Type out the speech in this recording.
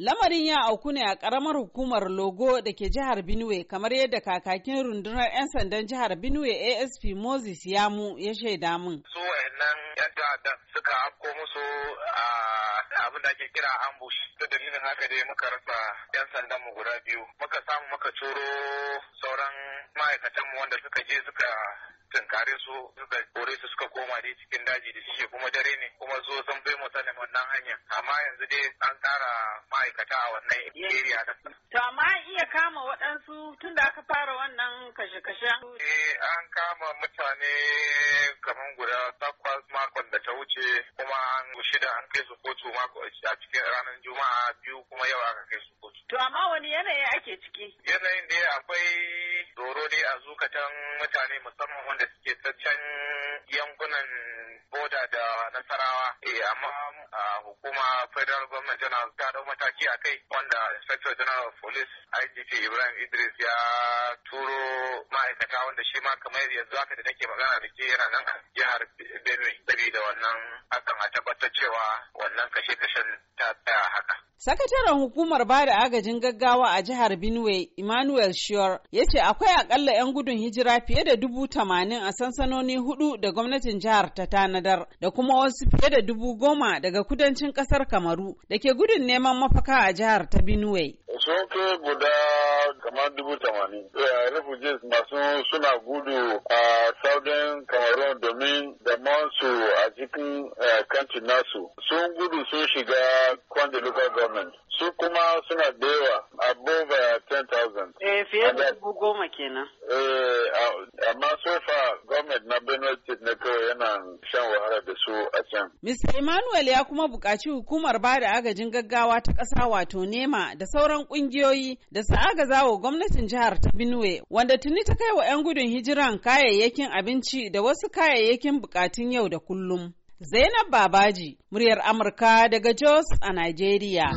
Lamarin ya auku ne a karamar hukumar Logo da ke jihar binue kamar yadda kakakin rundunar 'yan sandan jihar binue ASP Moses Yamu ya shaida mun. Su wayannan 'yan jihar suka afko musu abin da ake kira ambush da dalilin haka dai muka rasa yan sandan mu guda biyu muka samu muka coro sauran ma'aikatan mu wanda suka je suka tunkare su suka kore su suka koma dai cikin daji da shi kuma dare ne kuma zo sun hanya amma yanzu dai an kara ma'aikata a wannan area da to amma iya kama waɗansu tun da aka fara wannan kashe-kashe eh an kama mutane kamar guda takwas makon da ta wuce kuma an shida an kai su kotu mako a cikin ranar juma'a biyu kuma yau aka kai su kotu to amma wani yanayi ake ciki yanayin da akwai tsoro ne a zukatan mutane musamman wanda suke ta can yankunan boda da nasarawa eh amma hukuma federal government yana ta dau mataki a kai wanda inspector general of police IGP Ibrahim Idris ya turo ma'aikata wanda shi ma kamar yanzu haka da nake magana da ke yana nan jihar Benue da wannan Akan a tabbatar cewa wannan kashe-kashen ta tsaya haka. Sakataren hukumar ba da agajin gaggawa a jihar Benue, Emmanuel Shior, ya ce akwai akalla 'yan gudun hijira fiye da dubu tamanin a sansanoni hudu da gwamnatin jihar ta tanadar, da kuma wasu fiye da dubu goma daga kudancin kasar Kamaru da ke gudun neman mafaka a jihar ta Benue. Sun kai guda kamar dubu tamanin. Eh, refugees masu suna gudu a ah, mutanen Cameroon domin da su a cikin kanti eh, nasu sun gudu sun shiga kwanda local government. Su kuma suna da yawa above 10,000. Eh, eh fiye da dubu goma kenan. Eh amma so far Ahmed na benue state ne kawai yana shan wahala da su a can. mr emmanuel ya kuma buƙaci hukumar ba da agajin gaggawa ta ƙasa wato nema da sauran ƙungiyoyi da su agaza wa gwamnatin jihar ta benue wanda tuni ta kai wa 'yan gudun hijiran kayayyakin abinci da wasu kayayyakin buƙatun yau da kullum. Zainab Babaji, muryar Amurka daga Jos a Najeriya.